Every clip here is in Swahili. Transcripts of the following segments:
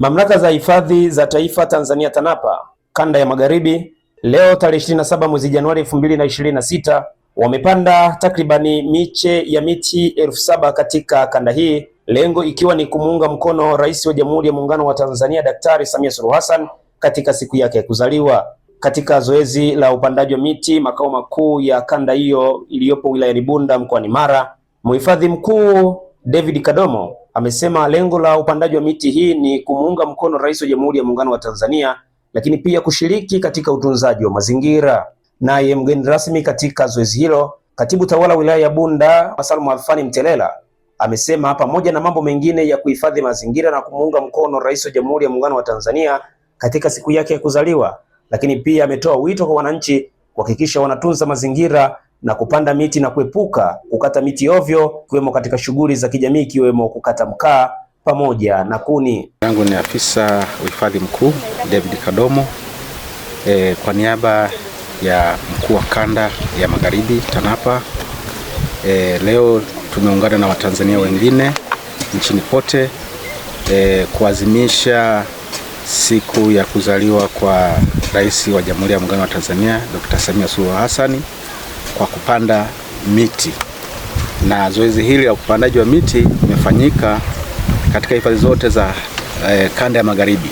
Mamlaka za hifadhi za taifa Tanzania TANAPA kanda ya Magharibi leo tarehe 27 mwezi Januari 2026 wamepanda takribani miche ya miti elfu saba katika kanda hii, lengo ikiwa ni kumuunga mkono Rais wa Jamhuri ya Muungano wa Tanzania Daktari Samia Suluhu Hassan katika siku yake ya kuzaliwa. Katika zoezi la upandaji wa miti makao makuu ya kanda hiyo iliyopo wilayani Bunda mkoani Mara, mhifadhi mkuu David Kadomo amesema lengo la upandaji wa miti hii ni kumuunga mkono Rais wa Jamhuri ya Muungano wa Tanzania, lakini pia kushiriki katika utunzaji wa mazingira. Naye mgeni rasmi katika zoezi hilo, Katibu Tawala Wilaya ya Bunda Salum Alfani Mtelela amesema pamoja na mambo mengine ya kuhifadhi mazingira na kumuunga mkono Rais wa Jamhuri ya Muungano wa Tanzania katika siku yake ya kuzaliwa, lakini pia ametoa wito kwa wananchi kuhakikisha wanatunza mazingira na kupanda miti na kuepuka kukata miti ovyo, ikiwemo katika shughuli za kijamii, ikiwemo kukata mkaa pamoja na kuni. Yangu ni afisa uhifadhi mkuu David Kadomo, e, kwa niaba ya mkuu wa kanda ya Magharibi TANAPA. E, leo tumeungana na Watanzania wengine nchini pote e, kuadhimisha siku ya kuzaliwa kwa Rais wa Jamhuri ya Muungano wa Tanzania Dr. Samia Suluhu Hassan kwa kupanda miti, na zoezi hili la upandaji wa miti limefanyika katika hifadhi zote za eh, kanda ya magharibi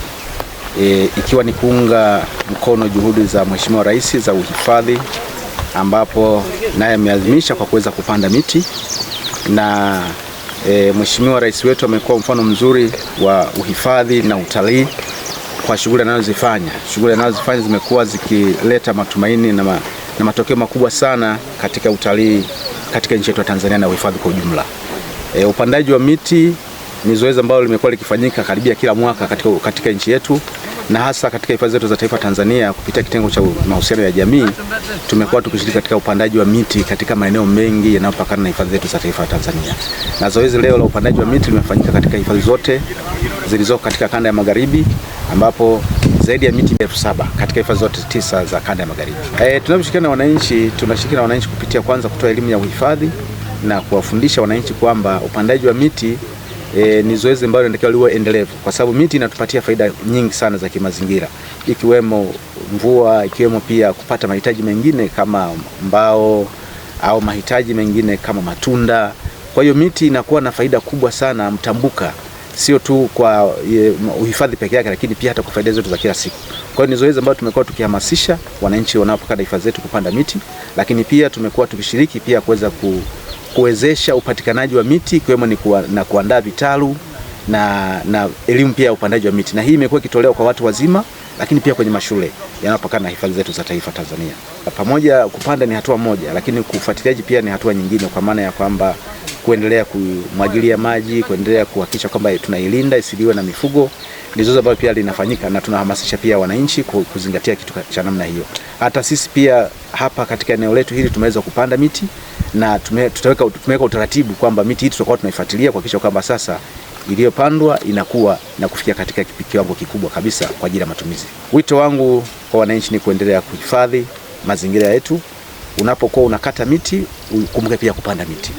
eh, ikiwa ni kuunga mkono juhudi za Mheshimiwa Rais za uhifadhi, ambapo naye ameazimisha kwa kuweza kupanda miti na E, Mheshimiwa Rais wetu amekuwa mfano mzuri wa uhifadhi na utalii kwa shughuli anazozifanya. Shughuli anazozifanya zimekuwa zikileta matumaini na ma, na matokeo makubwa sana katika utalii katika nchi yetu ya Tanzania na uhifadhi kwa ujumla. E, upandaji wa miti ni zoezi ambalo limekuwa likifanyika karibia kila mwaka katika, katika nchi yetu na hasa katika hifadhi zetu za taifa Tanzania kupitia kitengo cha mahusiano ya jamii tumekuwa tukishiriki katika upandaji wa miti katika maeneo mengi yanayopakana na hifadhi zetu za taifa ya Tanzania. Na zoezi leo la upandaji wa miti limefanyika katika hifadhi zote zilizoko katika kanda ya magharibi ambapo zaidi ya miti elfu saba katika hifadhi zote tisa za kanda ya magharibi. E, tunavyoshirikiana na wananchi, tunashirikiana na wananchi kupitia kwanza kutoa elimu ya uhifadhi na kuwafundisha wananchi kwamba upandaji wa miti E, ni zoezi ambalo linatakiwa liwe endelevu kwa sababu miti inatupatia faida nyingi sana za kimazingira ikiwemo mvua, ikiwemo pia kupata mahitaji mengine kama mbao au mahitaji mengine kama matunda. Kwa hiyo miti inakuwa na faida kubwa sana mtambuka sio tu kwa uhifadhi peke yake, lakini pia hata kwa faida zetu za kila siku. Kwa hiyo ni zoezi ambalo tumekuwa tukihamasisha wananchi wanapokanda hifadhi zetu kupanda miti, lakini pia tumekuwa tukishiriki pia kuweza ku, kuwezesha upatikanaji wa miti ikiwemo ni kuwa, na kuandaa vitalu na, na elimu pia ya upandaji wa miti, na hii imekuwa ikitolewa kwa watu wazima, lakini pia kwenye mashule yanayopakana na hifadhi zetu za taifa Tanzania. Pamoja kupanda ni hatua moja, lakini kufuatiliaji pia ni hatua nyingine, kwa maana ya kwamba kuendelea kumwagilia maji, kuendelea kuhakikisha kwamba tunailinda isiliwe na mifugo. Ni zoezi ambalo pia linafanyika na tunahamasisha pia wananchi kuzingatia kitu cha namna hiyo. Hata sisi pia hapa katika eneo letu hili tumeweza kupanda miti na tume, tutaweka, tumeweka utaratibu kwamba miti hii tutakuwa tunaifuatilia kuhakikisha kwamba sasa iliyopandwa inakuwa na kufikia katika kiwango kikubwa kabisa kwa ajili ya matumizi. Wito wangu kwa wananchi ni kuendelea kuhifadhi mazingira yetu. Unapokuwa unakata miti, ukumbuke pia kupanda miti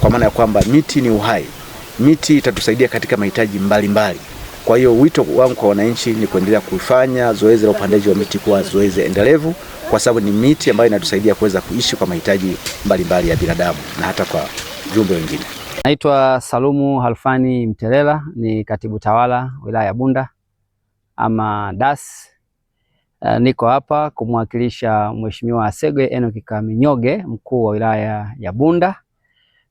kwa maana ya kwamba miti ni uhai, miti itatusaidia katika mahitaji mbalimbali. Kwa hiyo wito wangu kwa wananchi ni kuendelea kufanya zoezi la upandaji wa miti kuwa zoezi endelevu, kwa sababu ni miti ambayo inatusaidia kuweza kuishi kwa mahitaji mbalimbali ya binadamu na hata kwa viumbe wengine. Naitwa Salumu Halfani Mtelela, ni katibu tawala wilaya ya Bunda ama DAS. Eh, niko hapa kumwakilisha Mheshimiwa Asegwe Enoki Kaminyoge, mkuu wa wilaya ya Bunda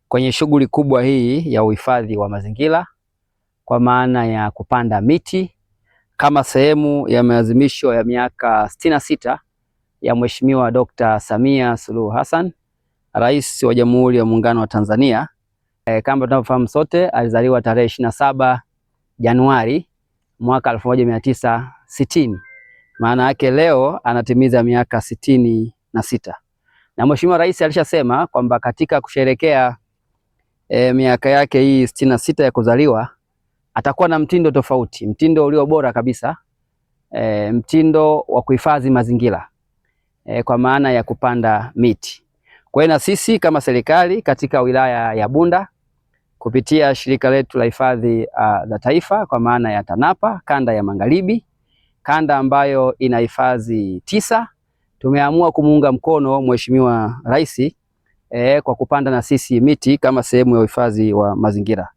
kwenye shughuli kubwa hii ya uhifadhi wa mazingira kwa maana ya kupanda miti kama sehemu ya maadhimisho ya miaka sitini na sita ya Mheshimiwa Dr. Samia Suluhu Hassan, Rais wa Jamhuri ya Muungano wa Tanzania. E, kama tunavyofahamu sote alizaliwa tarehe ishirini na saba Januari mwaka elfu moja mia tisa sitini. Maana yake leo anatimiza miaka sitini na sita na Mheshimiwa Rais alishasema kwamba katika kusherekea e, miaka yake hii sitini na sita ya kuzaliwa atakuwa na mtindo tofauti, mtindo ulio bora kabisa e, mtindo wa kuhifadhi mazingira e, kwa maana ya kupanda miti. Kwa hiyo na sisi kama serikali katika wilaya ya Bunda kupitia shirika letu la hifadhi za uh, taifa kwa maana ya TANAPA kanda ya magharibi, kanda ambayo ina hifadhi tisa, tumeamua kumuunga mkono Mheshimiwa Rais eh, kwa kupanda na sisi miti kama sehemu ya uhifadhi wa mazingira.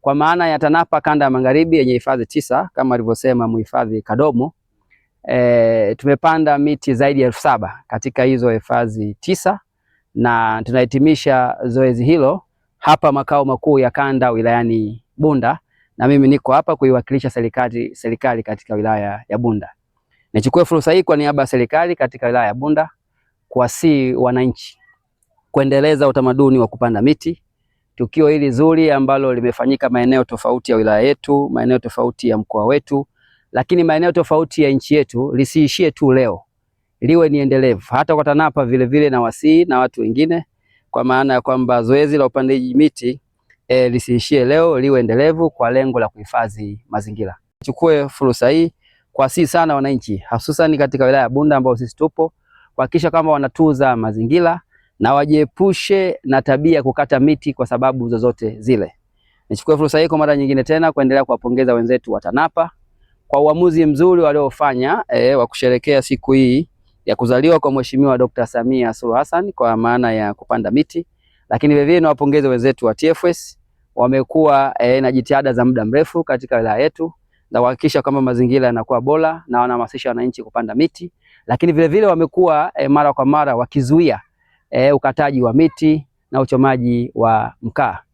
Kwa maana ya TANAPA kanda ya magharibi yenye hifadhi tisa kama alivyosema mhifadhi Kadomo eh, tumepanda miti zaidi ya elfu saba katika hizo hifadhi tisa na tunahitimisha zoezi hilo hapa makao makuu ya kanda wilayani Bunda na mimi niko hapa kuiwakilisha serikali serikali katika wilaya ya Bunda. Nichukue fursa hii kwa niaba ya serikali katika wilaya ya Bunda kuwasihi wananchi kuendeleza utamaduni wa kupanda miti. Tukio hili zuri ambalo limefanyika maeneo tofauti ya wilaya yetu, maeneo tofauti ya mkoa wetu, lakini maeneo tofauti ya nchi yetu, lisiishie tu leo, liwe ni endelevu. Hata kwa TANAPA vile vile na wasii na watu wengine, kwa maana ya kwamba zoezi la upandaji miti e, lisiishie leo, liwe endelevu kwa lengo la kuhifadhi mazingira. Chukue fursa hii kuwasihi sana wananchi, hususan katika wilaya ya Bunda ambao sisi tupo, kuhakikisha kwamba wanatuza mazingira na wajiepushe na tabia ya kukata miti kwa sababu zozote zile. Nichukue fursa hii kwa mara nyingine tena kuendelea kuwapongeza wenzetu wa TANAPA kwa uamuzi mzuri waliofanya e, wa kusherekea siku hii ya kuzaliwa kwa Mheshimiwa Dr. Samia Suluhu Hassan kwa maana ya kupanda miti, lakini vilevile niwapongeze wenzetu wa TFS wamekuwa e, na jitihada za muda mrefu katika wilaya yetu na kuhakikisha kwamba mazingira yanakuwa bora na wanahamasisha wananchi kupanda miti, lakini vile vile wamekuwa e, mara kwa mara wakizuia e, ukataji wa miti na uchomaji wa mkaa.